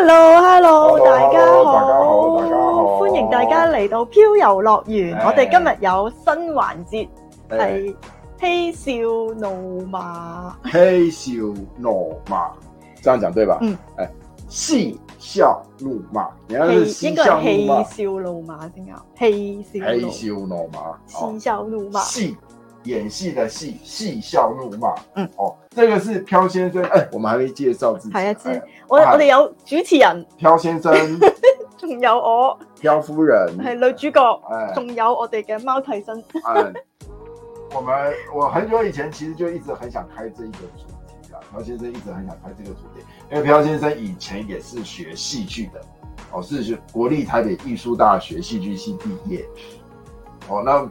hello hello, hello 大家好，大家好，歡迎大家嚟到漂遊樂圓，哎、我哋今日有新環節係嬉、哎、笑怒罵，嬉笑怒罵，這樣講對吧？嗯，誒，嬉笑怒罵，你係咪係應該係嬉笑怒罵先啱？嬉笑嬉笑怒罵，嬉笑怒罵。演戲的戲，戲笑怒罵。嗯，哦，這個是飄先生。哎，我們還沒介紹自己。係啊的，哎、我、哎、我哋有主持人，飄先生，仲 有我，飄夫人，係女主角。哎，仲有我哋嘅貓替身。我們我很久以前其實就一直很想開這一個主題啊，飄先生一直很想開這個主題，因為飄先生以前也是學戲劇的，哦，是國立台北藝術大學戲劇系畢業。哦，那。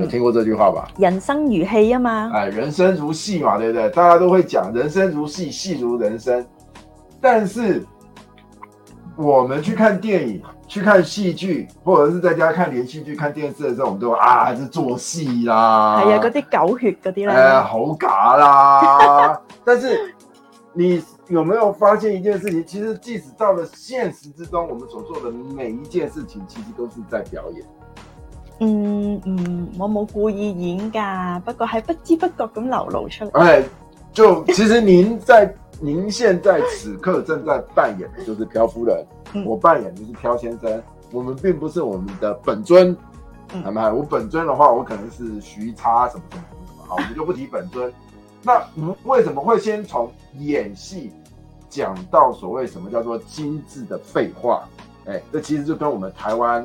有聽過這句話吧？人生如戲啊嘛！哎，人生如戲嘛，對不對？大家都會講人生如戲，戲如人生。但是我們去看電影、去看戲劇，或者是在家看連續劇、看電視的時候，我們都啊，是做戲啦。嗯，係啊，嗰啲狗血嗰啲咧，好假啦！ 但是你有沒有發現一件事情？其實，即使到了現實之中，我們所做的每一件事情，其實都是在表演。嗯嗯，我冇故意演㗎，不過係不知不覺咁流露出嚟，欸。就其實您在， 您現在此刻正在扮演的就是漂夫人，嗯、我扮演就是漂先生，我們並不是我們的本尊，係咪、嗯？我本尊的話，我可能是徐差，什麼什麼什麼什麼，好，我們就不提本尊。那為什麼會先從演戲講到所謂什麼叫做精緻的廢話？誒、欸，這其實就跟我們台灣，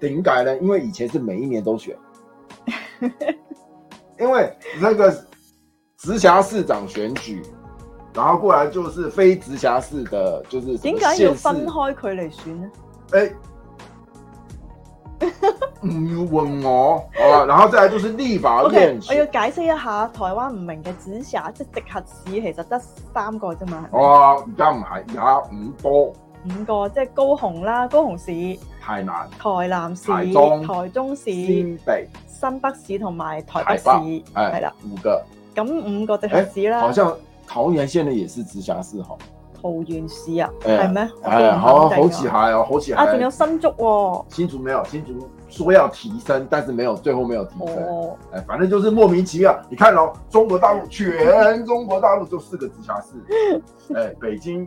點解呢？因為以前是每一年都選，因為那個直轄市長選舉，然後過來就是非直轄市的，就是。點解要分開佢嚟選呢？哎、欸，唔要問我哦。然後再來就是立法院。Okay, 我要解釋一下台灣唔明嘅直轄市，即直轄市其實得三個啫、嗯啊、嘛。哦，而家唔係，而家唔多。五個，即係高雄啦，高雄市、台南、台南市、台中、台中市、新北市同埋台北市，係啦，五個。咁五個直轄市啦，好像桃園縣呢，也是直轄市嗬，桃園市啊，係咩？哎，好好似係啊，好似係啊，仲有新竹喎。新竹沒有，新竹說要提升，但是沒有，最後沒有提升。哎，反正就是莫名其妙。你看咯，中國大陸全中國大陸就四個直轄市，哎，北京。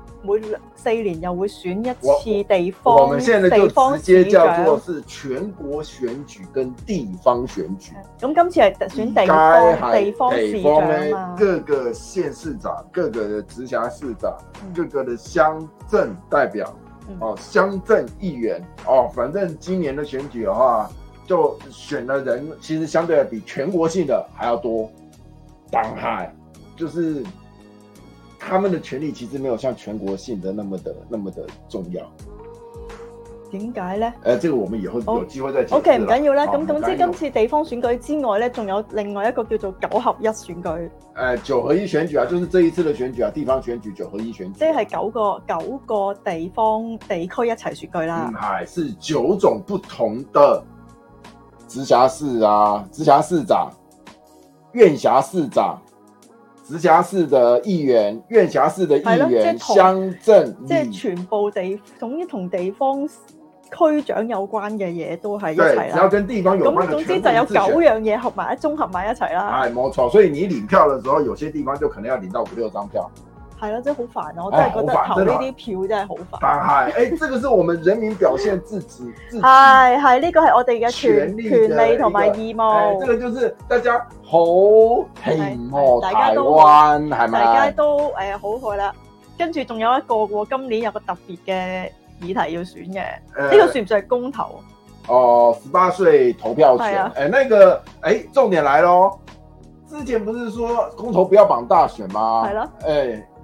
每四年又會選一次地方我，我們現在就直接叫做是全國選舉跟地方選舉。咁今次係選地方地方市長啊嘛，各個縣市長，各個縣市長、各個的直轄市長、各個的鄉鎮代表，哦、嗯，鄉鎮、啊、議員，哦、啊，反正今年的選舉嘅話，就選的人其實相對比全國性的還要多，黨派就是。他們的權利其實沒有像全國性的那麼的那麼的重要，點解呢？誒、呃，這個我們以後有機會再講。O K，唔緊要啦。咁即係，嗯嗯、今次地方選舉之外咧，仲有另外一個叫做九合一選舉。誒、呃，九合一選舉啊，就是這一次的選舉啊，地方選舉九合一選舉，啊，即係九個九個地方地區一齊選舉啦。係、嗯，是九種不同的直轄市啊，直轄市長、院轄市長。直轄市的議員、院轄市的議員、鄉鎮，即係全部地方，總之同地方區長有關嘅嘢都係，對，只要跟地方有關嘅，咁總之就有九樣嘢合埋，綜合埋一齊啦。係冇錯，所以你領票嘅時候，有些地方就可能要領到五六張票。係咯，真係好煩啊！我真係覺得投呢啲票真係好煩。係，誒，這個是我們人民表現自己，自係係呢個係我哋嘅權利同埋義務。誒，這個就是大家好平和，台灣係咪？大家都誒好去啦。跟住仲有一個喎，今年有個特別嘅議題要選嘅，呢個算唔算係公投？哦，十八歲投票選。誒，那個誒，重點來咯。之前不是說公投不要綁大選嗎？係咯。誒。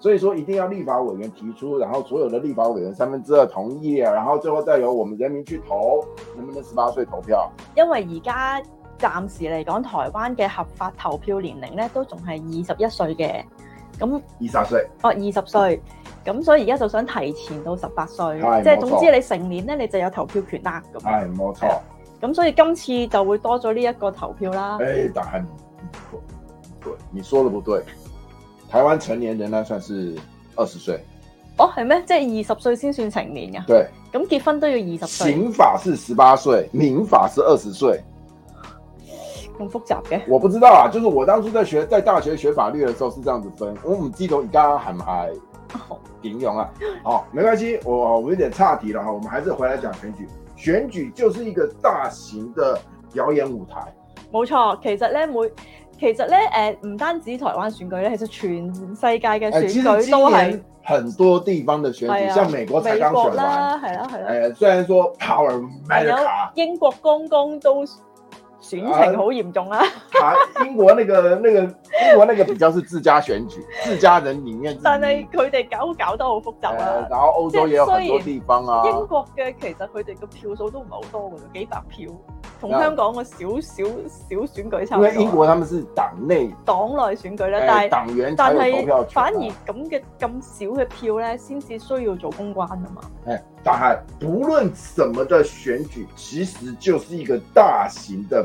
所以說一定要立法委員提出，然後所有的立法委員三分之二同意，然後最後再由我們人民去投，能不能十八歲投票？因為而家暫時嚟講，台灣嘅合法投票年齡咧都仲係二十一歲嘅，咁二十歲哦二十歲，咁、哦、所以而家就想提前到十八歲，即係、哎、總之你成年咧，你就有投票權啦。咁係冇錯，咁、啊、所以今次就會多咗呢一個投票啦。誒、哎，但係唔對，你說得不對。台灣成年人呢，算是二十歲，哦係咩？即係二十歲先算成年噶、啊？對，咁、嗯、結婚都要二十歲。刑法是十八歲，民法是二十歲。咁複雜嘅，我不知道啊。就是我當初在學，在大學學法律嘅時候是這樣子分。我唔記得你剛剛喊唔係？頂、哦、用啊！ 好，沒關係，我我有點岔題了哈，我們還是回來講選舉。選舉就是一個大型的表演舞台。冇錯，其實咧每。其實咧，誒、呃、唔單止台灣選舉咧，其實全世界嘅選舉都係很多地方嘅選舉，啊、像美國才剛選完，係啦係啦。誒、啊，啊、雖然說 Power America 英國剛剛都。選情好嚴重啊,啊,啊！英國那個那個英國那個比較是自家選舉， 自家人裡面是，但係佢哋搞搞得好複雜啊！然後歐洲也有很多地方啊。英國嘅其實佢哋嘅票數都唔係好多嘅，幾百票，同香港嘅少少少選舉差唔多。因為英國，他們是黨內黨內選舉啦，但係黨員先投反而咁嘅咁少嘅票咧，先至需要做公關嘅嘛。誒，但係無論什麼嘅選舉，其實就是一個大型嘅。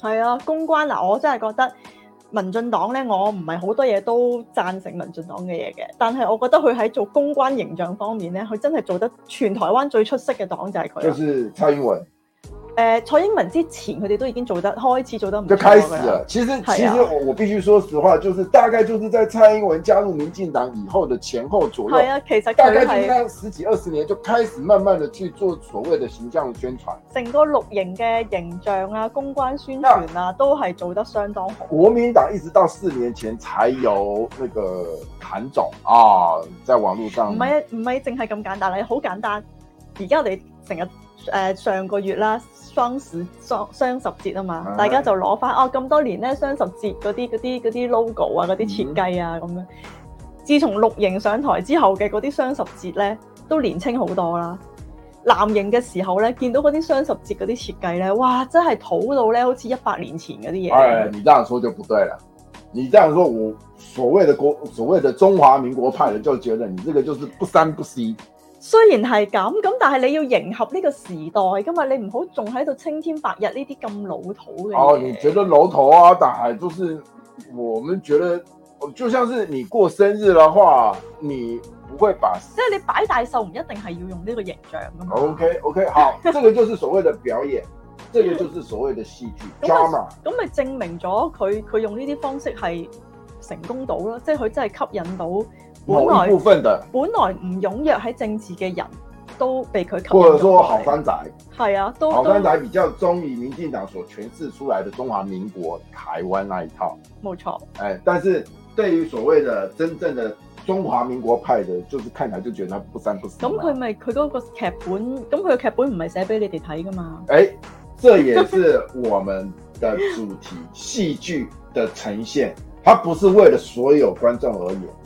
係啊，公關嗱、啊，我真係覺得民進黨咧，我唔係好多嘢都贊成民進黨嘅嘢嘅，但係我覺得佢喺做公關形象方面咧，佢真係做得全台灣最出色嘅黨就係、係、佢。就係蔡英文。誒、呃、蔡英文之前佢哋都已經做得開始做得唔就開始啦。其實其實我、啊、我必須說實話，就是大概就是在蔡英文加入民進黨以後的前後左右，係啊，其實是大概應該十幾二十年就開始慢慢的去做所謂的形象宣傳，成個綠營嘅形象啊、公關宣傳啊，啊都係做得相當好。國民黨一直到四年前才有那個韓總啊，在網絡上唔係唔係，淨係咁簡單啦，好簡單。而家我哋成日。誒、呃、上個月啦，雙十雙雙十節啊嘛，嗯、大家就攞翻哦咁多年咧，雙十節嗰啲啲啲 logo 啊，嗰啲設計啊咁、嗯、樣。自從綠營上台之後嘅嗰啲雙十節咧，都年輕好多啦。藍營嘅時候咧，見到嗰啲雙十節嗰啲設計咧，哇！真係土到咧，好似一百年前嗰啲嘢。你這樣說就不對啦。你這樣說，我所謂嘅國，所謂嘅中華民國派人，就覺得你這個就是不三不四。雖然係咁，咁但係你要迎合呢個時代噶嘛，你唔好仲喺度青天白日呢啲咁老土嘅。哦，你覺得老土啊，但係就是我們覺得，就像是你過生日的話，你不會把 即係你擺大壽，唔一定係要用呢個形象噶嘛。O K O K，好，這個就是所謂的表演， 這個就是所謂的戲劇 t r a 咁咪證明咗佢佢用呢啲方式係成功到咯，即係佢真係吸引到。本一部分的，本來唔擁躍喺政治嘅人都被佢吸或者說，好山仔。係啊，都好山仔比較中意民進黨所詮釋出來的中華民國台灣那一套，冇錯。誒、欸，但是對於所謂的真正的中華民國派的，就是看起嚟就覺得佢不三不四。咁佢咪佢嗰個劇本，咁佢嘅劇本唔係寫俾你哋睇噶嘛？誒、欸，這也是我們嘅主題戲劇，的 戲劇的呈現，它不是為了所有觀眾而演。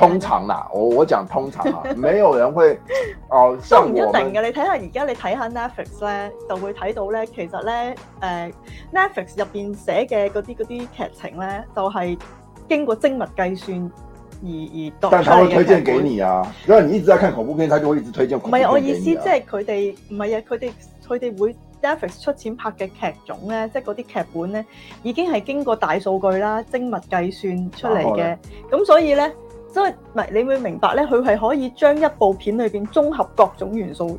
通常啦、啊，我我講通常啊， 沒有人會哦。呃、都唔一定嘅，你睇下而家你睇下 Netflix 咧，就會睇到咧。其實咧，誒、呃、Netflix 入邊寫嘅嗰啲嗰啲劇情咧，就係、是、經過精密計算而而度但係佢會推薦俾你啊，因為你一直在看恐怖片，佢就會一直推薦恐怖片。唔係我意思他們，即係佢哋唔係啊，佢哋佢哋會 Netflix 出錢拍嘅劇種咧，即係嗰啲劇本咧，已經係經過大數據啦精密計算出嚟嘅，咁、哦、對所以咧。所以唔係，你會明白咧，佢係可以將一部片裏邊綜合各種元素，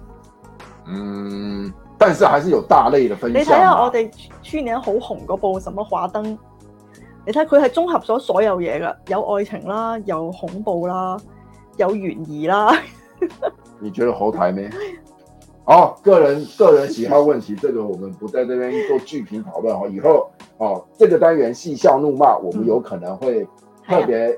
嗯，但是還是有大類嘅分析。你睇下我哋去年好紅嗰部《什麼畫燈》，你睇佢係綜合咗所有嘢噶，有愛情啦，有恐怖啦，有懸疑啦。你覺得好睇咩？哦，個人個人喜好問題，這個我們不在這邊做劇評討論哦。以後哦，這個單元戲笑怒罵，我們有可能會特別。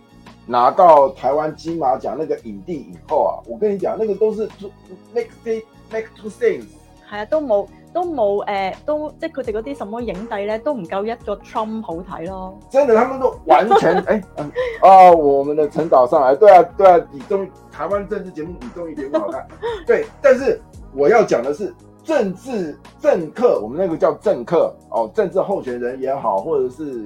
拿到台灣金馬獎那個影帝以後啊，我跟你講，那個都是 make two make two things，係啊，都冇都冇誒，都即係佢哋嗰啲什麼影帝咧，都唔夠一個 Trump 好睇咯。真的，他們都完全誒，哦，我們的陳導上來，對啊，對啊，你中台灣政治節目，你終於節目好看 對，但是我要講的是政治政客，我們那個叫政客哦，政治候選人也好，或者是。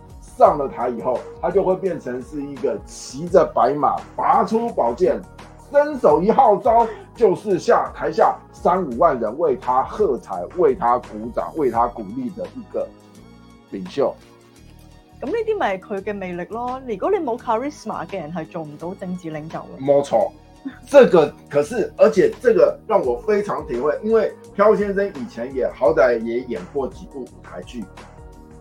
上了台以後，他就會變成是一個騎着白馬、拔出寶劍、伸手一號召，就是下台下三五萬人為他喝彩、為他鼓掌、為他鼓勵的一個領袖。咁呢啲咪係佢嘅魅力咯？如果你冇 charisma 嘅人係做唔到政治領袖嘅。冇錯，這個可是而且這個讓我非常體會，因為漂先生以前也好歹也演過幾部舞台劇。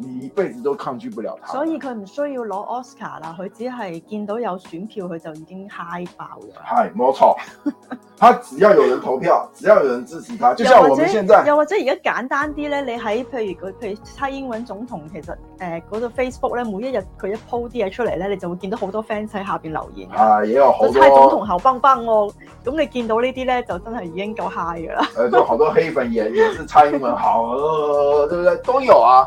你一輩子都抗拒不了他，所以佢唔需要攞 Oscar 啦，佢只係見到有選票佢就已經 high 爆啦。係冇錯，他只要有人投票， 只要有人支持他，就像我們現在。又或者而家簡單啲咧，你喺譬如佢佢蔡英文總統，其實誒嗰、呃、度、那個、Facebook 咧，每一日佢一 po 啲嘢出嚟咧，你就會見到好多 fans 喺下邊留言。啊、哎、有好多蔡總統好棒棒喎，咁你見到這些呢啲咧就真係已經夠 high 噶啦。誒、呃，就好多黑粉也也是蔡英文，好， 哦、對唔對？都有啊。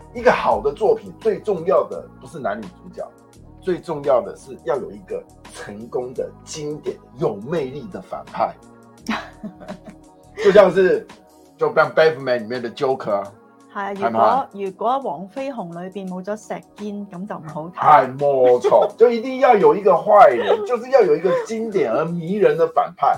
一個好的作品，最重要的不是男女主角，最重要的是要有一個成功的經典、有魅力的反派， 就像是，就像《Batman》裏面的 Joker。係啊，如果如果《黃飛鴻》裏邊冇咗石堅，咁就唔好睇。係冇錯，就一定要有一個壞人，就是要有一個經典而迷人的反派。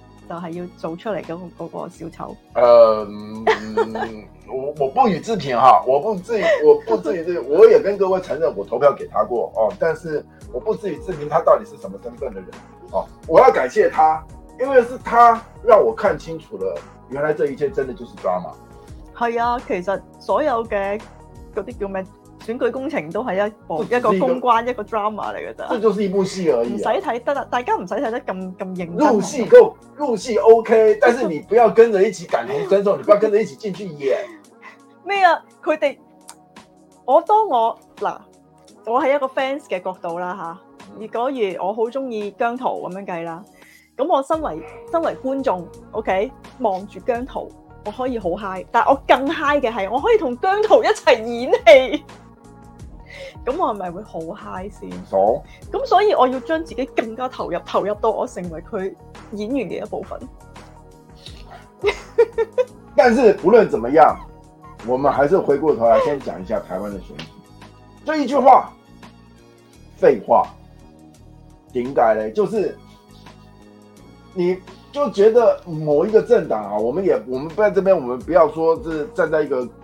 就係要做出嚟嗰嗰個小丑。呃、嗯，我我不予置評哈，我不置，我不至於這，我, 我也跟各位承認我投票給他過哦，但是我不至於置評他到底是什麼身份的人哦。好我要感謝他，因為是他讓我看清楚了，原來這一切真的就是 drama。係啊，其實所有嘅嗰啲叫咩？選舉工程都係一部一個,一個公關一個 drama 嚟嘅啫，這就是一部戲而已、啊，唔使睇得啦，大家唔使睇得咁咁認真。入戲都入戲 OK，但是你不要跟着一起感同身受， 你不要跟着一起進去演咩啊？佢哋我當我嗱，我係一個 fans 嘅角度啦嚇。如果如我好中意姜濤咁樣計啦，咁我身為身為觀眾 OK，望住姜濤我可以好嗨，但係我更嗨嘅係我可以同姜濤一齊演戲。咁我係咪會好嗨 i g h 先？咁、嗯、所以我要將自己更加投入，投入到我成為佢演員嘅一部分。但是不論怎麼樣，我們還是回過頭來先講一下台灣嘅選舉。就 一句話，廢話，頂解呢？就是你就覺得某一個政黨啊，我們也我們不在這邊，我們不要說，是站在一個。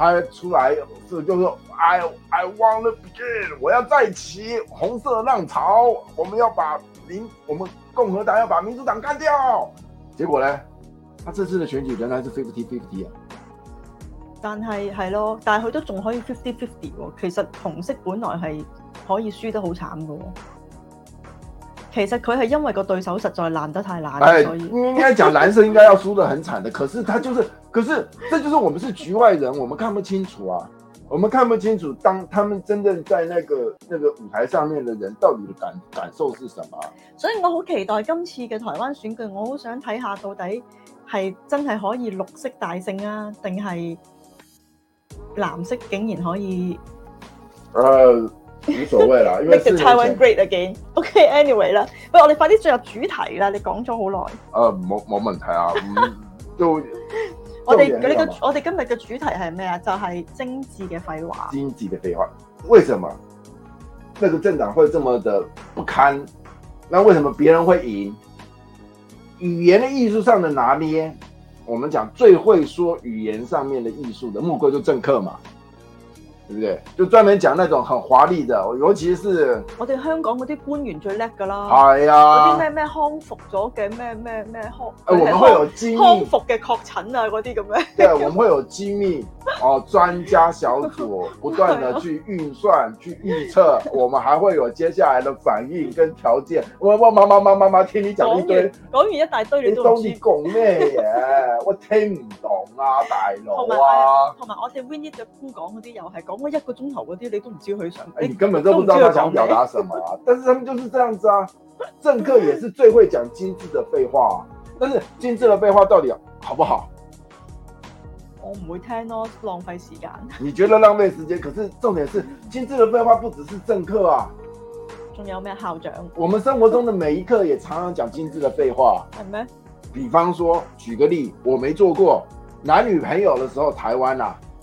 他出來就就是，I I wanna begin，我要再起紅色浪潮，我們要把民，我們共和黨要把民主黨幹掉。結果呢？他、啊、這次的選舉仍然是 fifty fifty 啊。但係係咯，但係佢都仲可以 fifty fifty 喎。其實紅色本來係可以輸得好慘噶、哦。其實佢係因為個對手實在爛得太爛，哎、所以應該講藍色應該要輸得很慘的。 可是他就是，可是這就是我們是局外人，我們看不清楚啊，我們看不清楚當他們真正在那個那個舞台上面的人到底的感感受是什麼。所以我好期待今次嘅台灣選舉，我好想睇下到底係真係可以綠色大勝啊，定係藍色竟然可以。誒。呃無所謂啦，因為 Make the Taiwan great again。OK，anyway、okay，啦，不如，我哋快啲進入主題啦。你講咗好耐。誒、呃，冇冇問題啊。都、 嗯， 我哋我個我哋今日嘅主題係咩啊？就係精緻嘅廢話。精緻嘅廢話，為什麼？這個政黨會這麼的不堪？那為什麼別人會贏？語言嘅藝術上的拿捏，我們講最會說語言上面的藝術嘅，莫過於政客嘛。對不對？就專門講那種很華麗的，尤其是我哋香港嗰啲官員最叻㗎啦。係啊，嗰啲咩咩康復咗嘅咩咩咩康誒，我們會有機密康復嘅確診啊，嗰啲咁樣。對，我們會有機密哦，專家小組不斷的去運算、去預測，我們還會有接下來的反應跟條件。我我媽媽媽媽媽，聽你講一堆，講完一大堆，你都你講咩嘢？我聽唔懂啊，大佬啊。同埋我哋 Winny 對香港嗰啲又係講。我一個鐘頭嗰啲你都唔知佢想，你，欸、你根本都不知道佢想表達什麼啊！但是他們就是這樣子啊，政客也是最會講精致的廢話、啊，但是精致的廢話到底好不好？我唔會聽咯，浪費時間。你覺得浪費時間，可是重點是精致的廢話不只是政客啊，仲有咩校長？我們生活中的每一刻也常常講精致的廢話，係咩嗎？比方說，舉個例，我沒做過男女朋友的時候，台灣啊。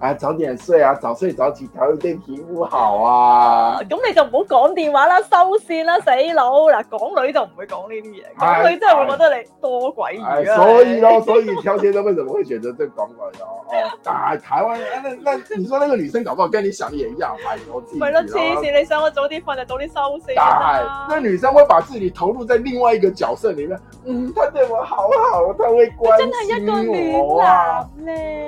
啊、哎，早點睡啊！早睡早起，調對皮膚好啊！咁你就唔好講電話啦，收線啦，死佬！嗱，港女就唔會講呢啲嘢，所以真係會覺得你多鬼餘啊、哎哎！所以咯，所以漂先生都為什麼會選擇對港女咯？ 哦，大、哎、台灣，人、哎。那那，你說那個女生搞不好我跟你想的一樣，哎，我自己。係囉，痴線！你想我早啲瞓就早啲收線啦。那女生會把自己投入在另外一個角色裏面。嗯，她對我好好，她會關心我、啊、真係一個暖男呢？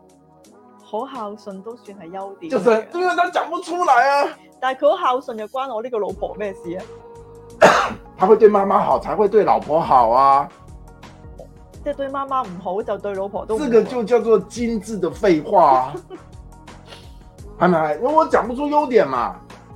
好孝順都算係優點，啊，就是，因為他講不出來啊。但係佢好孝順又關我呢個老婆咩事啊 ？他會對媽媽好，才會對老婆好啊。即係對媽媽唔好就對老婆都好，這個就叫做精緻的廢話，啊。係咪？ 因為我講不出優點嘛。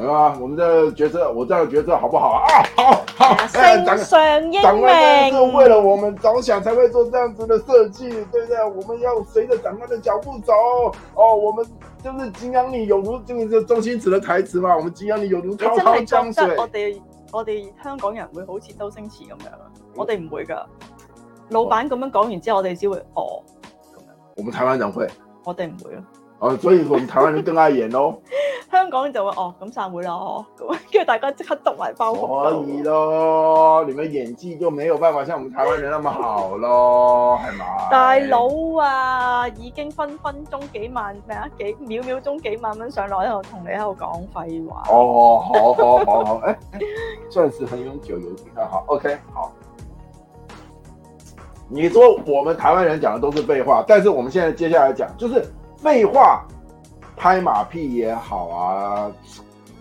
嗯、啊！我們的決策，我這樣的決策好不好啊？好、啊，好、啊，長官長官為了我們着想才會做這樣子的設計，對不對？我們要隨着長官的腳步走哦。我們就是敬仰你，有如就是周星馳的台詞嘛。我們敬仰你，有如滔滔江水。真的覺得我哋我哋香港人會好似周星馳咁樣啊？我哋唔會噶。嗯、老闆咁樣講完之後，我哋只會哦咁樣。我們台灣人會，我哋唔會啊哦，所以我們台灣人更愛演咯， 香港就會哦咁散會咯，咁跟住大家即刻篤埋包可以咯，你們演技就沒有辦法像我們台灣人那麼好咯，係嘛 吧？大佬啊，已經分分鐘幾萬咩啊？幾秒秒鐘幾萬蚊上落喺度同你喺度講廢話。哦，好好好好，好好好 誒，鑽石恆永久，有幾多好。o、OK, k 好。你說我們台灣人講的都是廢話，但是我們現在接下來講就是。廢話，拍馬屁也好啊，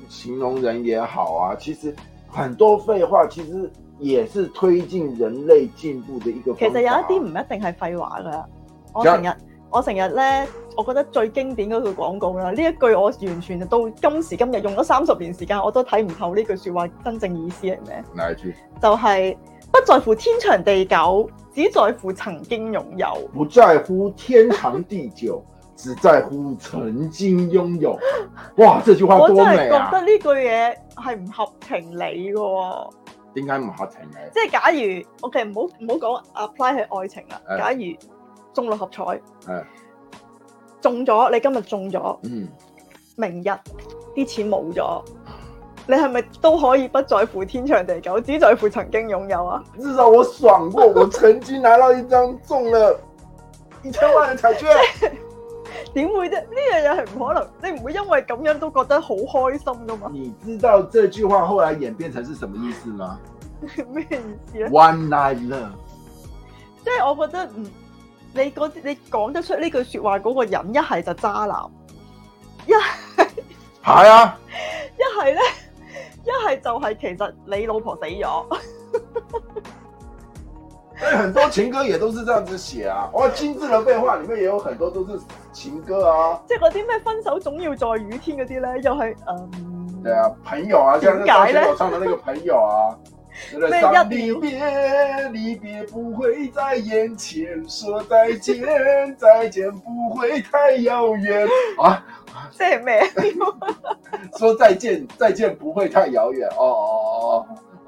形容人也好啊，其實很多廢話，其實也是推進人類進步的一個方法。其實有一啲唔一定係廢話噶。我成日麼我成日咧，我覺得最經典嗰句廣告啦，呢一句我完全到今時今日用咗三十年時間，我都睇唔透呢句說話真正意思係咩？邊一句？就係、是、不在乎天長地久，只在乎曾經擁有。不在乎天長地久。 只在乎曾經擁有，哇！這句話、啊、我真係覺得呢句嘢係唔合情理嘅、哦。點解唔合情理？即係假如，OK，唔好唔好講 apply 係愛情啦。哎、假如中六合彩，哎、中咗你今日中咗，嗯，明日啲錢冇咗，你係咪都可以不在乎天長地久，只在乎曾經擁有啊？至少我爽過，我曾經拿到一張中了一千萬嘅彩券。 點會啫？呢樣嘢係唔可能，你唔會因為咁樣都覺得好開心噶嘛？你知道這句話後來演變成是什麼意思嗎？咩 意思啊？One night love 即係我覺得唔，你嗰你講得出呢句說話嗰個人，一係就渣男，一係係啊，一係咧，一係就係其實你老婆死咗。 很多情歌也都是這樣子寫啊，哦，精緻的廢話裏面也有很多都是情歌啊，即係嗰啲咩分手總要在雨天嗰啲咧，又係，嗯，對啊，朋友啊，即係張學友唱的那個朋友啊， 是咩一別離別不會在眼前，說再見 再見不會太遙遠，啊，即係咩， 說再見再見不會太遙遠哦哦哦。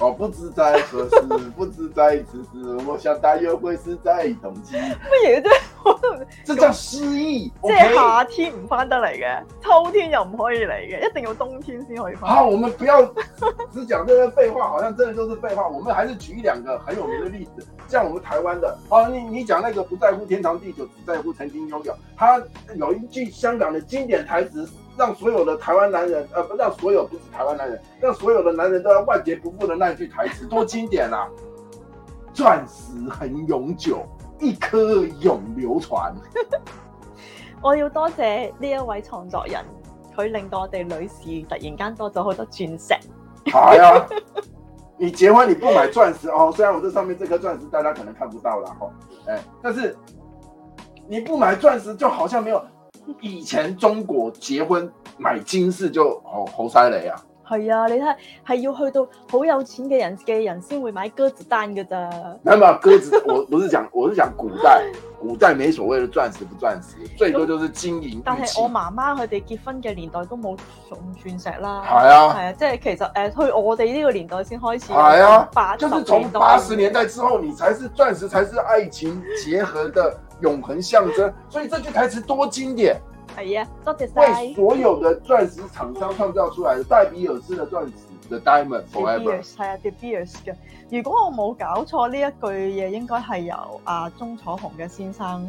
哦，不知在何時，不知在何時，我想大約會是在冬季。不也對，這叫詩意。這用 Okay? 夏天唔翻得嚟嘅，秋天又唔可以嚟嘅，一定要冬天先可以翻。好，我們不要只講這些廢話， 好像真的就是廢話。我們還是舉一兩個很有名的例子，像我們台灣的，好、啊，你你講那個不在乎天長地久，只在乎曾經擁有，他有一句香港的經典台詞。讓所有的台灣男人，呃，不，讓所有不止台灣男人，讓所有的男人都要萬劫不復的那一句台詞，多經典啊！鑽 石很永久，一顆永流傳。我要多謝呢一位創作人，佢令到我哋女士突然間多咗好多鑽石。好、 哎、呀，你結婚你不買鑽石哦？雖然我這上面這顆鑽石大家可能看不到了，哦哎、但是你不買鑽石就好像沒有。以前中國結婚買金飾就、哦、好猴塞雷啊！係啊，你睇係要去到好有錢嘅人嘅人先會買鴿子蛋噶咋？唔係，鴿子，我不是講， 我是講古代，古代沒所謂的鑽石不鑽石，最多就是金銀。但係我媽媽佢哋結婚嘅年代都冇送鑽石啦。係啊，係啊，即係其實誒，去我哋呢個年代先開始。係啊，八，即係從八十年代之後，你才是鑽石，才是愛情結合的。永恒象徵，所以這句台詞多經典。係呀，多得為所有的鑽石廠商創造出來的戴比爾斯的鑽石，The Diamond Forever 係啊，De Beers 嘅。De Beers, 如果我冇搞錯，呢一句嘢應該係由阿鐘、啊、楚紅嘅先生。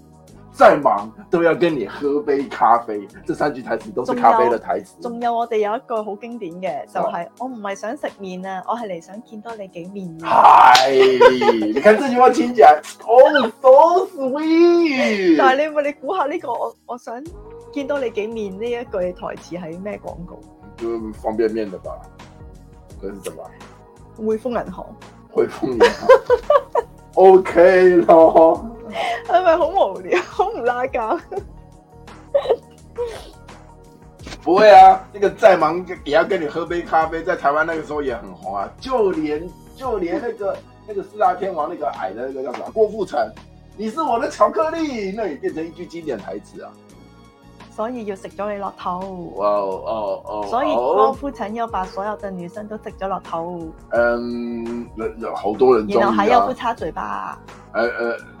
再忙都要跟你喝杯咖啡，這三句台詞都是咖啡的台詞。仲有，有我哋有一句好經典嘅，就係我唔係想食麵啊，我係嚟想，想見到你幾面。係，Hi, 你看這句話聽起來，Oh so sweet。但係你唔你估下呢、這個我我想見到你幾面呢一句台詞係咩廣告？就方便麵的吧，嗰陣時嘛。匯豐銀行。匯豐銀行。OK 咯。係咪好無聊？好唔拉教？ 不會啊，那個再忙也要跟你喝杯咖啡。在台灣那個時候也很紅啊，就連就連那個那個四大天王那個矮的那個叫什麼郭富城，你是我的巧克力，那也變成一句經典台詞啊。所以要食咗你落肚。哇哦哦，所以郭富城要把所有的女生都食咗落肚。嗯，有有好多人、啊。然後還要不插嘴巴。誒誒、欸。呃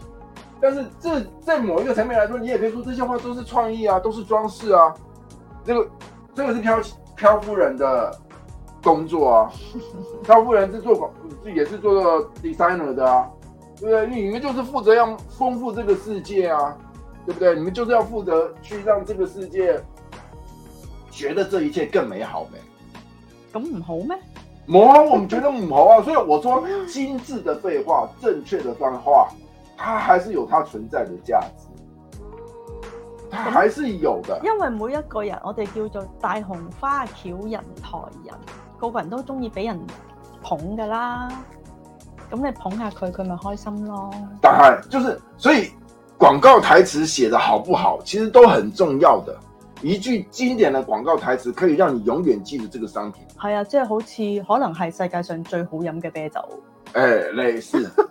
但是這在某一個層面來說，你也可以說這些話都是創意啊，都是裝飾啊。這個這個是飄飄夫人的工作啊， 飄夫人是做廣也是做 designer 的啊，對不對？你們就是負責要豐富這個世界啊，對不對？你們就是要負責去讓這個世界覺得這一切更美好唄。咁唔好咩？冇啊，我們覺得唔好啊， 所以我說精緻的廢話，正確的廢話。它還是有它存在的價值，還是有的。因為每一個人，我哋叫做大紅花轎人抬人，個個人都中意俾人捧噶啦。咁你捧下佢，佢咪開心咯。但係，就是所以，廣告台詞寫得好不好，其實都很重要的。一句經典的廣告台詞，可以讓你永遠記住這個商品。係啊，即係好似可能係世界上最好飲嘅啤酒。誒、欸，類似。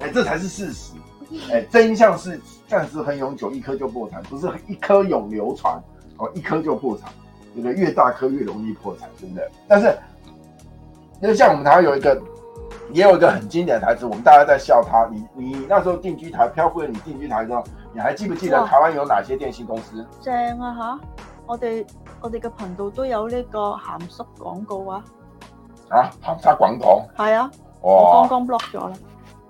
哎，這才是事實。哎，真相是暫時很永久，一顆就破產，不是一顆永流傳。哦，一顆就破產，這個越大顆越容易破產，對不對？但是，那像我們台灣有一個，也有一個很經典的台詞，我們大家在笑他。你你那時候定居台漂浮了，你定居台的時候，你還記不記得台灣有哪些電信公司？正啊哈，我哋我哋嘅頻道都有呢個鹹濕廣告啊。啊，他他廣告。係啊，哇我剛剛 block 咗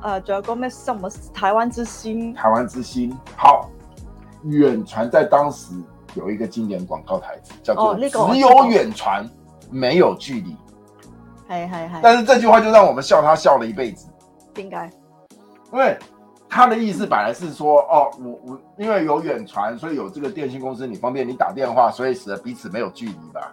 呃，主要講咩什麼是台灣之星？台灣之星，好遠傳在當時有一個經典廣告台詞，叫做只有遠傳沒有距離，係係係。哦這個這個，但是這句話就讓我們笑，他笑了一輩子。點解？因為他的意思本來是說，哦，我我因為有遠傳，所以有這個電信公司，你方便你打電話，所以使得彼此沒有距離吧。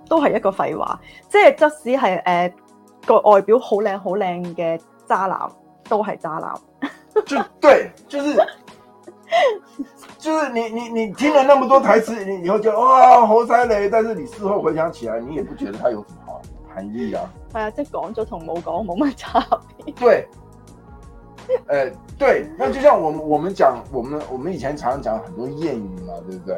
都係一個廢話，即係即使係誒個外表好靚好靚嘅渣男，都係渣男。就，對，就是， 就是你你你聽了那麼多台詞，你以後就哇好犀利！但是你事後回想起來，你也不覺得他有什麼好含義啊。係啊，即係講咗同冇講冇乜差別。對，誒、呃，對，那就像我我們講，我們，我們，我們以前常常講很多諺語嘛，對不對？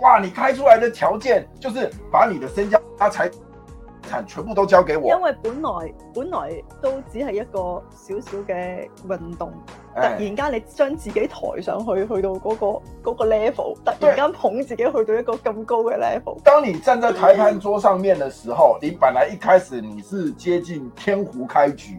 哇！你開出來的條件就是把你的身家、家財產全部都交給我，因為本來本來都只係一個小小嘅運動，欸、突然間你將自己抬上去，去到嗰、那個嗰、那個 level，突然間捧自己去到一個咁高嘅 level。當你站在台盤桌上面嘅時候，對你本來一開始你是接近天胡開局。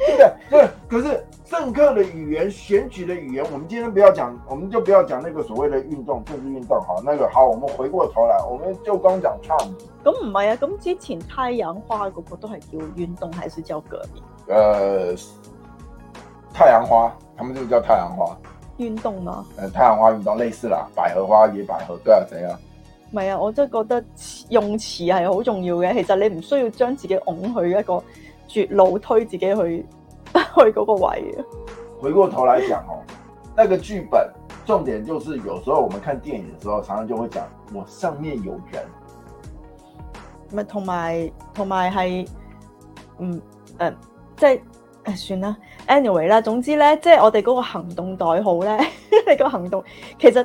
對，對，對，可是政客的語言、選舉的語言，我們今天不要講，我們就不要講那個所謂的運動，政、就、治、是、運動，好，那個好，我們回過頭來，我們就剛講唱。咁唔係啊，咁之前太陽花嗰個都係叫運動，還是叫革命？誒，太陽花，他們就叫太陽花運動啦、啊。誒、呃，太陽花運動類似啦，百合花、野百合，對啊，怎樣、啊？唔係啊，我真覺得用詞係好重要嘅。其實你唔需要將自己拱去一個。絕路推自己去去嗰個位啊！回過頭來講哦，那個劇本重點就是，有時候我們看電影的時候，常常就會講，我上面有人。咪同埋同埋係，嗯誒、呃，即係誒，算啦，anyway 啦，總之咧，即係我哋嗰個行動代號咧，你 個行動其實。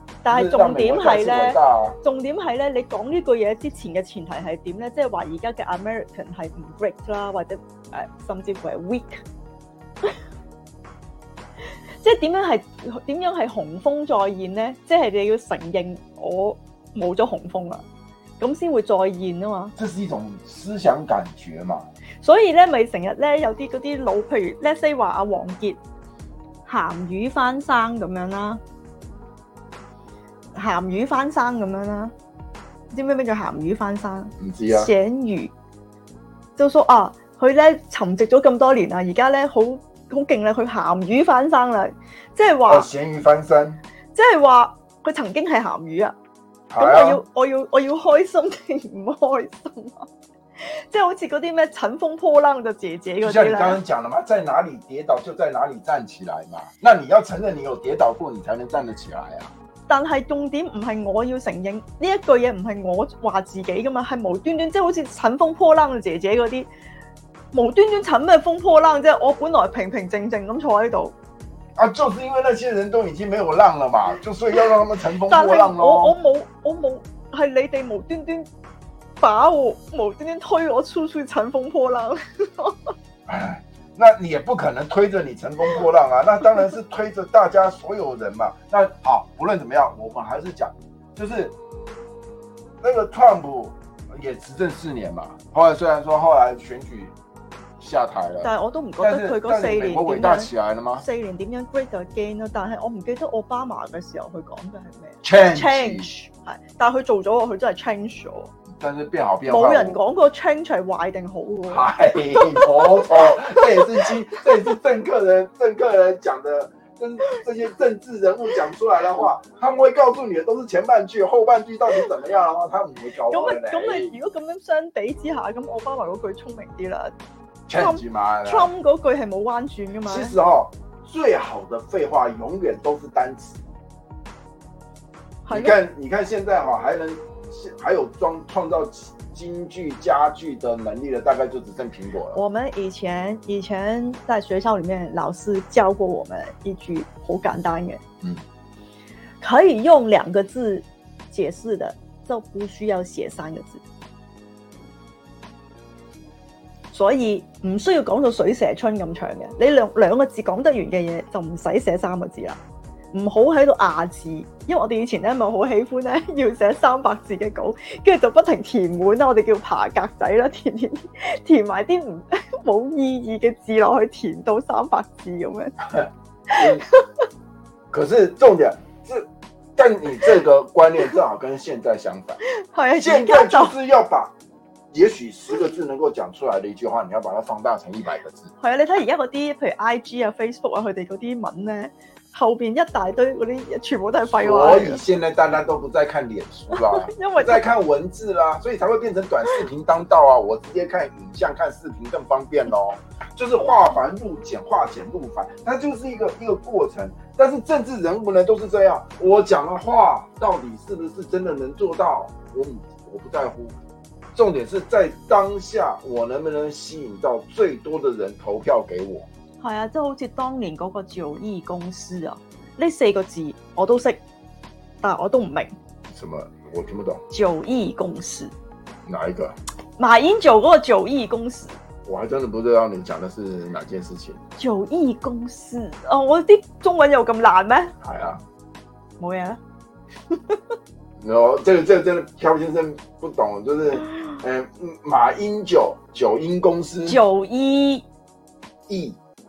但係重點係咧，重點係咧，你講呢句嘢之前嘅前提係點咧？即係話而家嘅 American 係唔 break 啦，或者誒，甚至乎係 weak，即係點樣係點樣係雄風再現咧？即係你要承認我冇咗雄風啊，咁先會再現啊嘛。即係一種思想感覺嘛。所以咧，咪成日咧有啲嗰啲老，譬如 let's say 話阿王傑鹹魚翻生咁樣啦。咸魚翻身咁樣啦，知唔知咩叫咸魚翻身？唔知啊，醒魚，就話啊，佢咧沉寂咗咁多年啦，而家咧好好勁咧，佢咸魚翻身啦，即係話咸魚翻身，即係話佢曾經係咸魚啊。咁、啊、我要我要我要開心定唔開心啊？即 係好似嗰啲咩乘風破浪的姐姐嗰啲，即係你剛剛講啦嘛，在哪裡跌倒就在哪裡站起來嘛。那你要承認你有跌倒過，你才能站得起來啊。但係重點唔係我要承認呢一句嘢，唔係我話自己噶嘛，係無端端即係好似乘風破浪嘅姐姐嗰啲，無端端乘咩風破浪啫？我本來平平靜靜咁坐喺度。啊，就是因為那些人都已經沒有浪啦嘛，就所以要讓他們乘風破浪咯。但我我冇我冇，係你哋無端端把我無端端推我出去乘風破浪。 那你也不可能推着你乘風破浪啊！那當然是推着大家所有人嘛。 那好，無論怎麼樣，我們還是講，就是那個特朗普也執政四年嘛。後來雖然說後來選舉下台了，但我都唔覺得佢嗰四年偉大起來了嗎？四年點樣 great again 咯、啊。但係我唔記得奧巴馬嘅時候佢講嘅係咩 change，係，但係佢做咗，佢真係 change 咯。冇人講個 change 係壞定好噶，係哦，這也是基，這也是政客人政客人講的，跟這些政治人物講出來的話，他們會告訴你的都是前半句，後半句到底怎麼樣的話，他們唔會告訴你。咁你，你如果咁樣相比之下，咁奧巴馬嗰句聰明啲啦，Trump Trump 嗰句係冇彎轉噶嘛。其實哦，最好的廢話永遠都是單詞。的你看，你看，現在哈、哦、還能。還有裝創造京劇家具的能力的，大概就只剩蘋果了。我們以前，以前在學校裏面，老師教過我們一句好簡單的嗯，可以用兩個字解釋的，就不需要寫三個字。所以唔需要講到水蛇春咁長嘅，你兩兩個字講得完嘅嘢就唔使寫三個字啦。唔好喺度牙字，因為我哋以前咧咪好喜歡咧要寫三百字嘅稿，跟住就不停填滿啦，我哋叫爬格仔啦，填填填埋啲唔冇意義嘅字落去，填到三百字咁樣。是嗯、 可是重點是，但你這個觀念正好跟現在相反，係啊， 現在就是要把，也許十個字能夠講出來的一句話，你要把它放大成一百個字。係啊，你睇而家嗰啲，譬如 IG 啊、Facebook 啊，佢哋嗰啲文咧。後邊一大堆嗰啲全部都係廢話，所以現在大家都不再看臉書啦、啊， 因為在這看文字啦、啊，所以才會變成短視頻當道啊！ 我直接看影像、看視頻更方便咯， 就是化繁入簡、化簡入繁，它就是一個一個過程。但是政治人物呢都是這樣，我講的話到底是不是真的能做到，我唔我不在乎，重點是在當下我能不能吸引到最多的人投票給我。係啊，即係好似當年嗰個九億公司啊，呢四個字我都識，但我都唔明。什麼？我聽不懂。九億公司？哪一個？馬英九個九億公司？我還真的不知道你講的是哪件事情。九億公司？哦，我啲中文有咁難咩？係啊，冇嘢啦。我即係即係即係，漂、這個這個、先生不懂，就是誒，馬英九九英公司九億億。意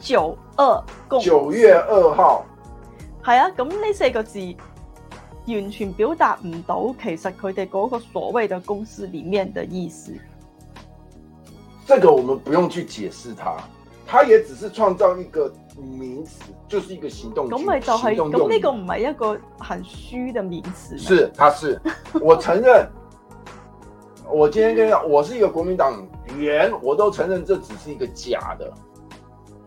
九二共九月二號，係啊，咁呢四個字完全表達唔到，其實佢哋個所謂的公司裏面的意思。這個我們不用去解釋它，它也只是創造一個名詞，就是一個行動，咁咪就係咁呢個唔係一個很虛的名詞，是，他是，我承認， 我今天跟你講，我是一個國民黨員，我都承認，這只是一個假的。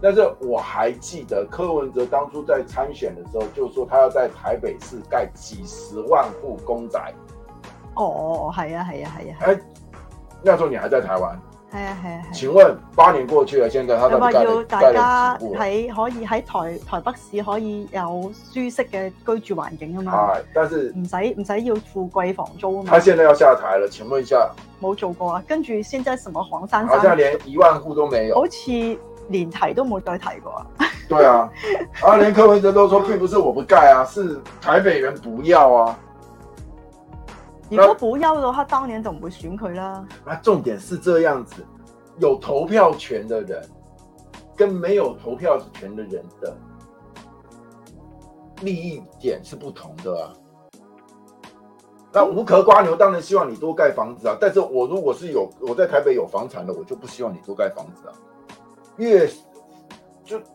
但是我還記得柯文哲當初在參選的時候，就說他要在台北市蓋幾十萬戶公宅。哦，是啊，是啊，是啊。哎、欸，那時候你還在台灣、啊。是啊，是啊。請問八年過去了，現在他都要大家喺可以喺台台北市可以有舒適嘅居住環境啊嘛？是、哎，但是唔使唔使要付貴房租啊嘛？他現在要下台了，請問一下。冇做過啊？跟住現在什麼黃珊珊？好像連一萬戶都沒有。好似。連提都沒再提過啊！對啊，啊連柯文哲都說，並不是我不蓋啊，是台北人不要啊。如果不要的話，他那當年怎麼不會選佢啦？那重點是這樣子，有投票權的人跟沒有投票權的人的利益點是不同的啊。那無殼瓜牛當然希望你多蓋房子啊，但是我如果是有我在台北有房產的，我就不希望你多蓋房子啊。越、yes, 就限量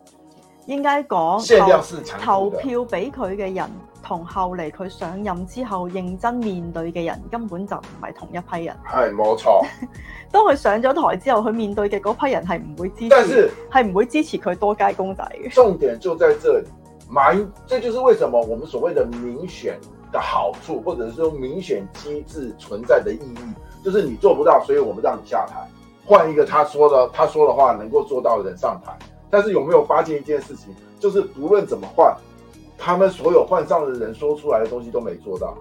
應該講投票俾佢嘅人，同後嚟佢上任之後認真面對嘅人，根本就唔係同一批人。係冇錯。 當佢上咗台之後，佢面對嘅嗰批人係唔會支持，係唔是會支持佢多街公仔嘅。重點就在這裏，嘛，這就是為什麼我們所謂的民選的好處，或者是說民選機制存在的意義，就是你做不到，所以我們讓你下台。換一個，他說的他說的話能夠做到的人上台，但是有沒有發現一件事情？就是不論怎麼換，他們所有換上的人說出來的東西都沒做到。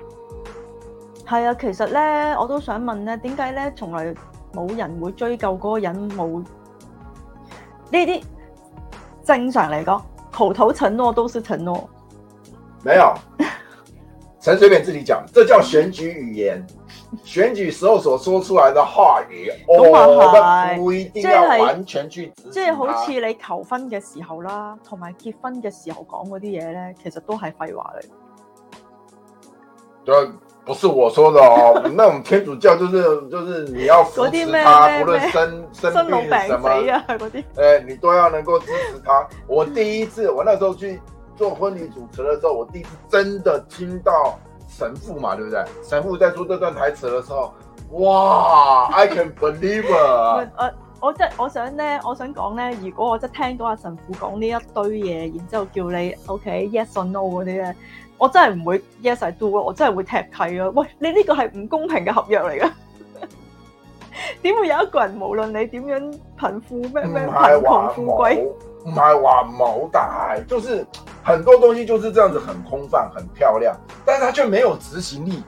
係啊，其實咧，我都想問咧，點解咧，從來冇人會追究嗰個人冇呢啲。正常嚟講，口頭承諾都是承諾。沒有，陳水扁自己講，這叫選舉語言。選舉時候所說出來的話語，我唔、哦嗯、一定要完全去指，即係、就是就是、好似你求婚嘅時候啦，同埋結婚嘅時候講嗰啲嘢咧，其實都係廢話嚟。對，不是我說嘅哦。我哋天主教就係，就係你要扶持佢，不論生，生老病死啊，嗰啲你都要能夠支持他。他我第一次，我那時候去做婚禮主持的嘅時候，我第一次真的聽到。神父嘛，對不對？神父在做這段台詞嘅時候，哇！I can believe 我。我我我真，我想咧，我想講咧，如果我真聽到阿神父講呢一堆嘢，然之後叫你 OK yes or no 嗰啲咧，我真係唔會 yes I do 咯，我真係會踢踢咯。喂，你呢個係唔公平嘅合約嚟㗎？點 會有一個人無論你點樣貧富咩咩貧窮富貴？買哇毛帶、欸，就是很多東西就是這樣子，很空泛，很漂亮，但係佢卻沒有執行力，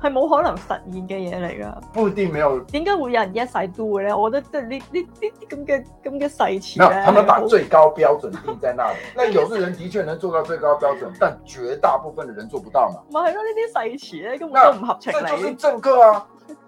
係冇可能實現嘅嘢嚟㗎。不一定沒有，點解會有人一世都嘅咧？我都覺得即係呢呢呢啲咁嘅咁嘅細詞咧，沒有，他們把最高標準定在那裏。 那有些人的確能做到最高標準， 但絕大部分的人做不到嘛。咪係咯，呢啲細詞咧根本都唔合情理。這就是政客啊！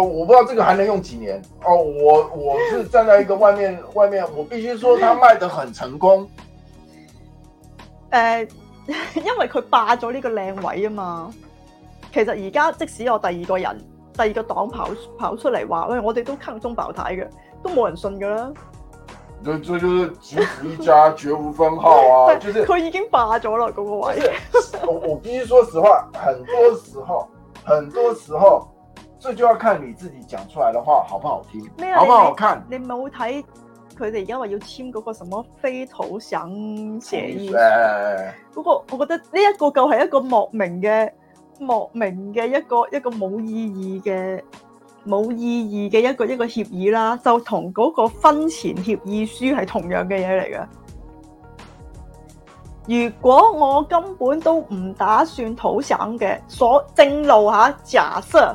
我不知道這個還能用幾年哦，我我是站在一個外面 外面，我必須說他賣的很成功。誒、呃，因為佢霸咗呢個靚位啊嘛。其實而家即使我第二個人、第二個黨跑跑出嚟話咧，我哋都坑中爆太嘅，都冇人信噶啦。就這就是幾十一家絕無分號啊！佢、 就是、已經霸咗啦，嗰個位。就是、我我必須說實話，很多時候，很多時候。這就要看你自己講出來的話好不好聽，麼好不好看。你冇睇佢哋而家話要簽嗰個什麼非土省協議？嗰個實我覺得呢一個夠係一個莫名嘅、莫名嘅一個、一個冇意義嘅、冇意義嘅一個、一個協議啦。就同嗰個婚前協議書係同樣嘅嘢嚟嘅。如果我根本都唔打算土省嘅，所正路吓假設。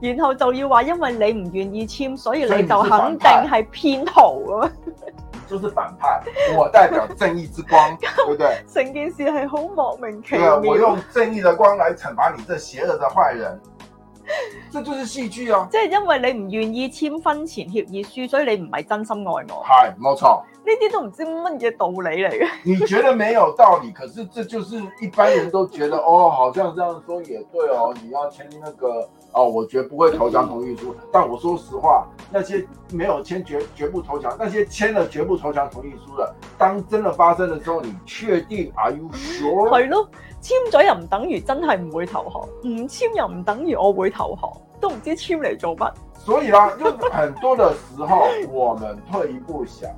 然後就要話，因為你唔願意簽，所以你就肯定係騙徒咁、啊。就是反派，我代表正義之光，對不對？成件事係好莫名其妙、啊啊。我用正義的光來懲罰你這邪惡的壞人，這就是戲劇啊，即係因為你唔願意簽婚前協議書，所以你唔係真心愛我，係冇錯。呢啲都唔知乜嘢道理嚟嘅。你覺得沒有道理，可是這就是一般人都覺得 哦，好像這樣說也對哦。你要簽那個。哦，我絕不會投降同意書。嗯、但我說實話，那些沒有簽絕絕不投降，那些簽了絕不投降同意書的，當真的發生的時候，你確定？Are you sure？係咯，簽咗又唔等於真係唔會投降，唔簽又唔等於我會投降，都唔知簽嚟做乜。所以啦、啊，有、就是、很多的時候， 我們退一步想，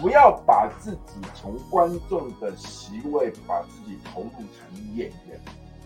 不要把自己從觀眾的席位把自己投入成演員。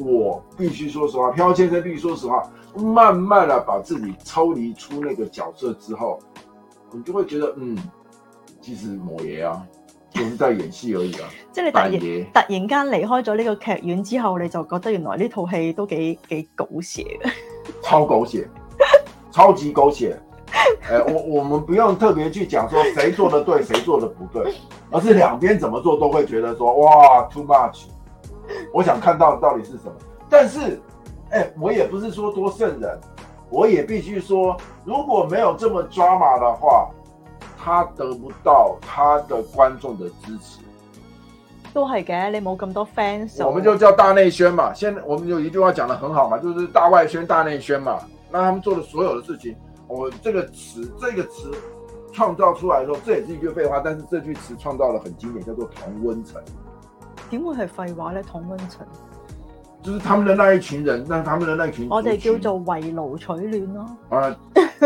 我必須說實話，漂先生，必須說實話，慢慢的把自己抽離出那個角色之後，你就會覺得，嗯，其實冇嘢啊，就是在演戲而已啊。即係你突然突然間離開咗呢個劇院之後，你就覺得原來呢套戲都幾幾狗血嘅， 超狗血，超級狗血。 欸、我我們不用特別去講說誰做的對，誰做的不對，而是兩邊怎麼做都會覺得說，哇，too much。 我想看到的到底是什麼？但是，哎、欸，我也不是說多聖人，我也必須說，如果沒有這麼抓馬的話，他得不到他的觀眾的支持。都係嘅，你冇咁多 fans。我們就叫大內宣嘛。現在我們有一句話講的很好嘛，就是大外宣、大內宣嘛。那他們做的所有的事情，我這個詞這個詞創造出來的時候，這也是一句廢話。但是這句詞創造得很經典，叫做同溫層。點會係廢話呢？同溫層，就是他們的那一群人，那他們的那一群，群，我哋叫做圍爐取暖咯，哦。啊，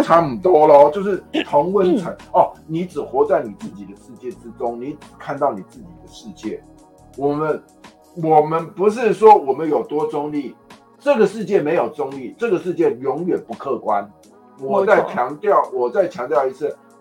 差唔多咯，就是同溫層、嗯、哦。你只活在你自己的世界之中，你只看到你自己的世界。我們，我們不是說我們有多中立，這個世界沒有中立，這個世界永遠不客觀。我再強調，錯我再強調一次。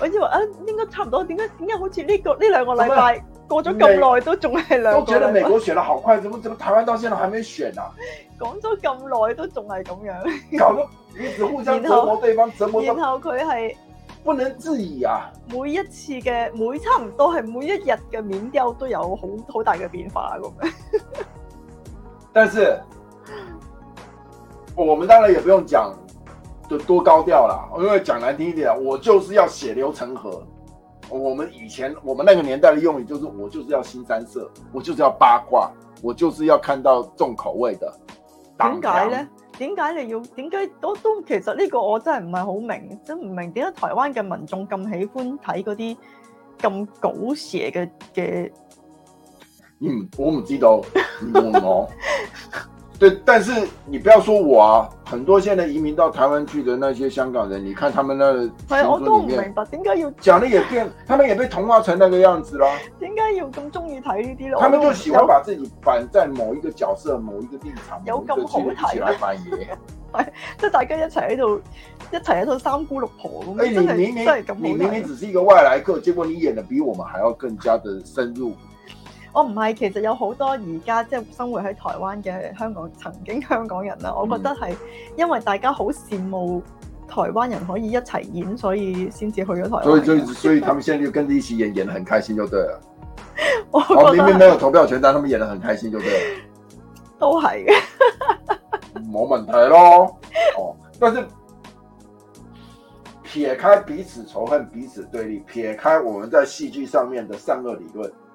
我以為，啊，應該差唔多，點解點解好似呢、這個呢兩個禮拜麼過咗咁耐都仲係兩個，我都覺得美國選得好快，怎麼怎麼台灣到現在還沒選啊？講咗咁耐都仲係咁樣，搞到彼此互相折磨對方，後折磨。然後佢係不能置疑啊！每一次嘅每差唔多係每一日嘅民調都有好好大嘅變化咁樣，但是我們當然也不用講。多高調啦，因為講難聽一點，我就是要血流成河。我們以前我們那個年代的用語就是，我就是要新三色，我就是要八卦，我就是要看到重口味的。點解呢？點解你要？點解都都？其實呢個我真係唔係好明，真唔明點解台灣嘅民眾咁喜歡睇嗰啲咁狗血嘅嘅。唔、嗯，我唔知道，你問我。 對，但是你不要說我啊，很多現在移民到台灣去的那些香港人，你看他們那個裡面，我都唔明白點解要，講的也變，他們也被同化成那個樣子啦。點解要咁中意睇呢啲咧？他們就喜歡把自己綁在某一個角色、某一個立場、某個角度嚟嚟扮嘢，即係 大家一齊喺度一齊喺度三姑六婆咁。誒、欸，你明明的你明明只是一個外來客，結果你演得比我們還要更加的深入。我唔係，其實有好多而家即係生活喺台灣嘅香港曾經香港人啦，我覺得係因為大家好羨慕台灣人可以一齊演，所以先至去咗台灣。所以所以所以，他們現在就跟着一齊演， 演得很開心就對啦。我明明沒有投票權，但係他們演得很開心就對啦。都係是。冇 問題咯。哦，但是撇開彼此仇恨、彼此對立，撇開我們在戲劇上面的善惡理論。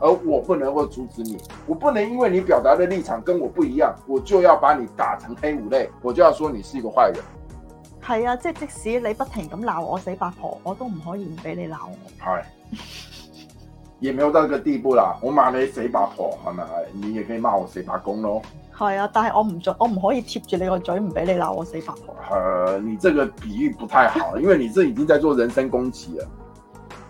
而我不能夠阻止你，我不能因為你表達的立場跟我不一樣，我就要把你打成黑五類，我就要說你是一個壞人。係啊，即即使你不停咁鬧我死八婆，我都唔可以唔俾你鬧我。係、哎，亦冇到個地步啦。我罵你死八婆好嘛？你也可以罵我死八公咯。係啊，但係我唔准，我唔可以貼住你個嘴唔俾你鬧我死八婆，婆。誒、呃，你這個比喻不太好， 因為你這已經在做人身攻擊了。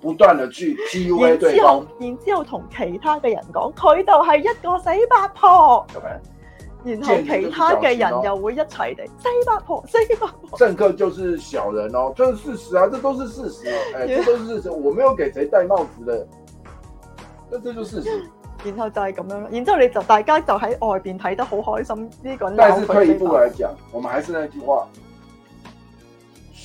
不斷的去 PUA 對方，然之後同其他嘅人講，佢就係一個死八婆。咁樣吧，然後其他嘅人又會一齊地死八婆，死八婆，政客就是小人咯，哦，就 是事實啊，這都是事實啊，誒、哎，這都是事實，我沒有給誰戴帽子嘅。但係就事實。然後就係咁樣，然之後你就大家就喺外邊睇得好開心呢、這個。但是退一步來講，我們還是那句話。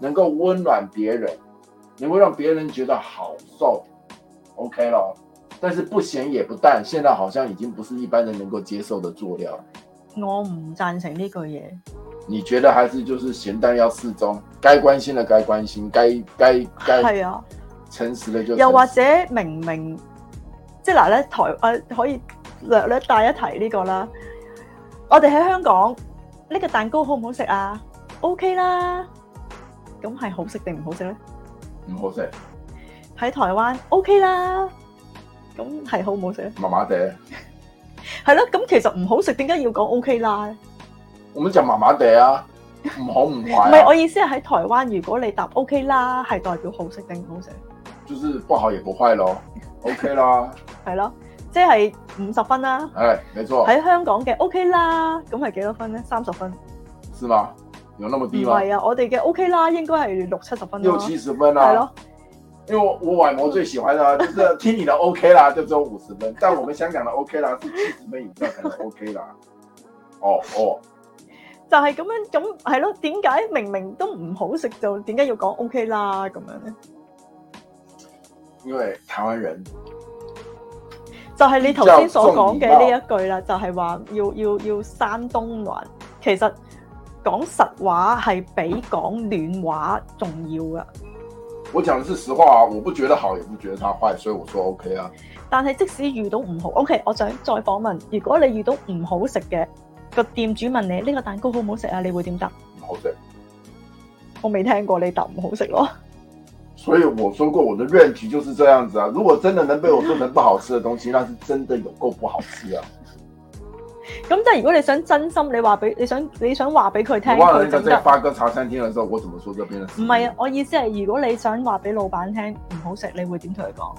能夠溫暖別人，能夠讓別人覺得好受，OK 咯。但是不鹹也不淡，現在好像已經不是一般人能夠接受的佐料。我唔贊成呢句嘢。你覺得還是就是鹹淡要適中，該關心的該關心，該該該係啊，誠實的就誠實。又或者明明即係嗱咧台誒、啊，可以略略帶一提呢個啦。我哋喺香港呢、呢個蛋糕好唔好食啊？OK 啦。咁係好食定唔好食咧？唔好食。喺台灣 OK 啦。咁係好唔好食咧？麻麻地。係咯， 咁其實唔好食，點解要講 OK 啦？咁就麻麻地啊，唔好唔壞、 啊。唔係，我意思係喺台灣，如果你答 OK 啦，係代表好食定唔好食？就是不好也不壞咯，OK 啦。係 咯， 即係五十分啦、啊。係， 冇錯。喺香港嘅 OK 啦，咁係幾多分咧？三十分。是嘛？有那麼低嗎？唔係啊，我哋嘅 O K 啦，應該係六七十分六七十分啊，係咯了。因為我外我，我最喜歡嘅，就是、聽你的 O、OK、K 啦， 就只有五十分。但係我們香港嘅 O K 啦，七十分以上肯定 O K 啦。哦 哦，哦就係咁樣，咁係咯？點解明明都唔好食，就點解要講 O K 啦？咁樣咧？因為台灣人就係你頭先所講嘅呢一句啦，就係、是、話要要要山東話，其實。講實話係比講暖話重要噶。我講的是實話啊，我不覺得好，也不覺得它壞，所以我說 OK 啊。但係即使遇到唔好，OK，我想再訪問。如果你遇到唔好食嘅個店主問你呢個蛋糕好唔好食啊，你會點答？唔好食。我未聽過你答唔好食咯。所以我說過我的願景就是這樣子啊。如果真的能被我做成不好吃的東西， 那是真的有夠不好吃啊。咁即係如果你想真心你，你話俾你想你想話俾佢聽他個，佢先得。唔係啊，我意思係如果你想話俾老闆聽唔好食，你會點同佢講？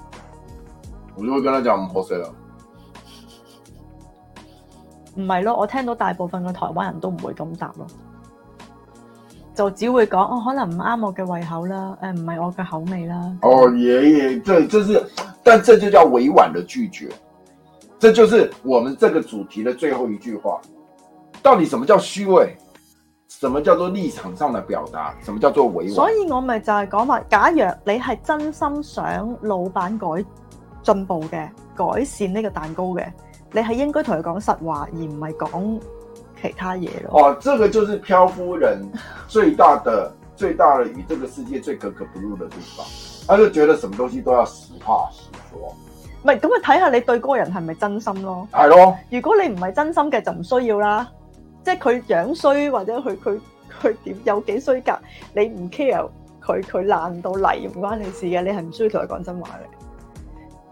我就會跟佢講唔好食啊！唔係咯，我聽到大部分嘅台灣人都唔會咁答咯，就只會講我、哦、可能唔啱我嘅胃口啦，誒唔係我嘅口味啦。哦耶耶，對，即係，但這就叫委婉嘅拒絕。這就是我們這個主題的最後一句話，到底什麼叫虛偽？什麼叫做立場上的表達？什麼叫做委婉？所以我咪就係講話，假若你係真心想老闆改進步嘅，改善呢個蛋糕嘅，你係應該同佢講實話，而唔係講其他嘢咯。哦，這個就是漂夫人最大的、 最大的與這個世界最格格不入的地方，他就覺得什麼東西都要實話實說。唔係咁啊！睇下你對嗰個人係咪真心咯。係咯，如果你唔係真心嘅，就唔需要啦。即係佢樣衰或者佢佢佢點有幾衰格，你唔 care，佢佢爛到嚟，唔關你事嘅，你係唔需要同佢講真話嘅。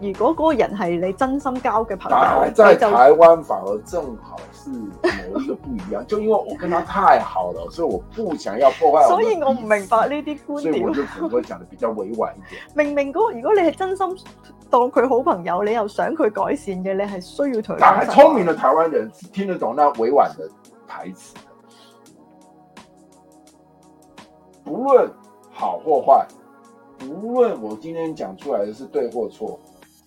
如果嗰個人係你真心交嘅朋友，喺、啊、在台灣反而正好是某一個不一樣， 就因為我跟他太好了，所以我不想要破壞。所以我唔明白呢啲觀點。所以我就成日講得比較委婉一點。 明明嗰個如果你係真心當佢好朋友，你又想佢改善嘅，你係需要佢。但係聰明的台灣人聽得懂那委婉的台詞的。無論好或壞，無論我今天講出來的是對或錯。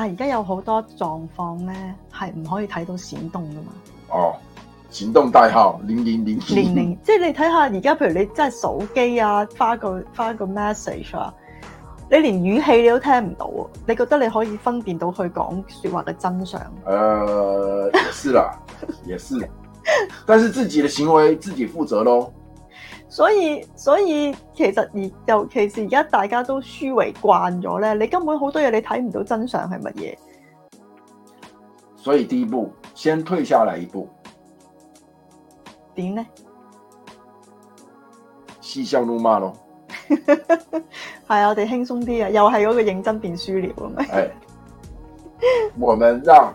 但係而家有好多狀況咧，係唔可以睇到閃動噶嘛？哦，閃動代號，年年年年，年即係你睇下而家，譬如你真係手機啊，發個發個 message 啊，你連語氣你都聽唔到，啊。你覺得你可以分辨到佢講説話嘅真相？誒、呃，也是啦， 也是，但是自己嘅行為自己負責咯。所以所以其實而尤其是而家大家都輸為慣咗咧，你根本好多嘢你睇唔到真相係乜嘢。所以第一步，先退下嚟一步。點呢？嬉笑怒罵咯。係 啊，我哋輕鬆啲啊，又係嗰個認真變輸料咁咪，係、哎， 我們讓。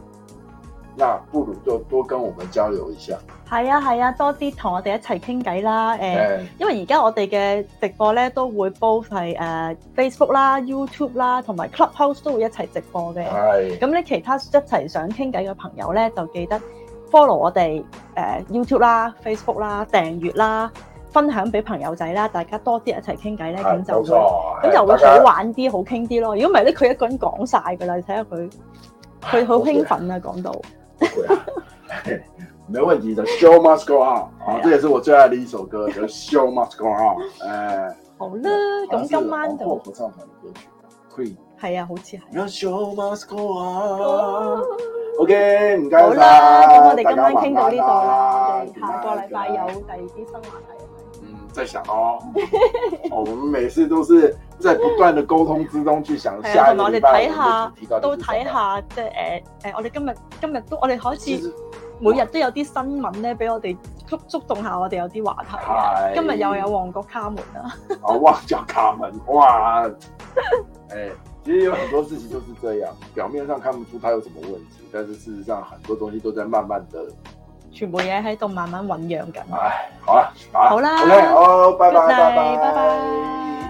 那不如就多跟我們交流一下。係啊，係啊，多啲同我哋一齊傾偈啦。誒、嗯，因為而家我哋嘅直播咧都會 both 係誒 Facebook 啦、YouTube 啦，同埋 Clubhouse 都會一齊直播嘅。係、哎。咁呢其他一齊想傾偈嘅朋友咧，就記得 follow 我哋誒、uh, YouTube 啦、Facebook 啦、訂閱啦、分享俾朋友仔啦，大家多啲一齊傾偈咧，咁、哎、就咁、哎、就會好玩啲、哎、好傾啲咯。如果唔係咧，佢一個人講晒㗎喇，你睇下佢佢好興奮啊，哎、講到。會啊，冇問題的，show must go on。好，這也是我最愛的一首歌，叫 show must go on。誒，好啦，咁今晚就，我合唱團嘅歌曲，Queen 係啊，好似係。Okay，唔該。好啦，咁我哋今晚傾到呢度啦，下個禮拜有第二啲新話題。嗯，再想哦。哦，我們每次都是。在不斷的溝通之中去想同埋、嗯、我哋睇下，都睇下，即係誒誒，我哋今日今日都我哋開始每日都有啲新聞咧，俾我哋觸觸動下我哋有啲話題。哇今日又有旺角卡門啦！好啊，有卡門，哇！誒、 欸，其實有很多事情都是這樣，表面上看不出它有什麼問題，但是事實上很多東西都在慢慢的全部嘢喺度慢慢醖釀緊。唉，好啦，好啦，好啦，OK，好，拜拜拜，拜拜 bye。Bye bye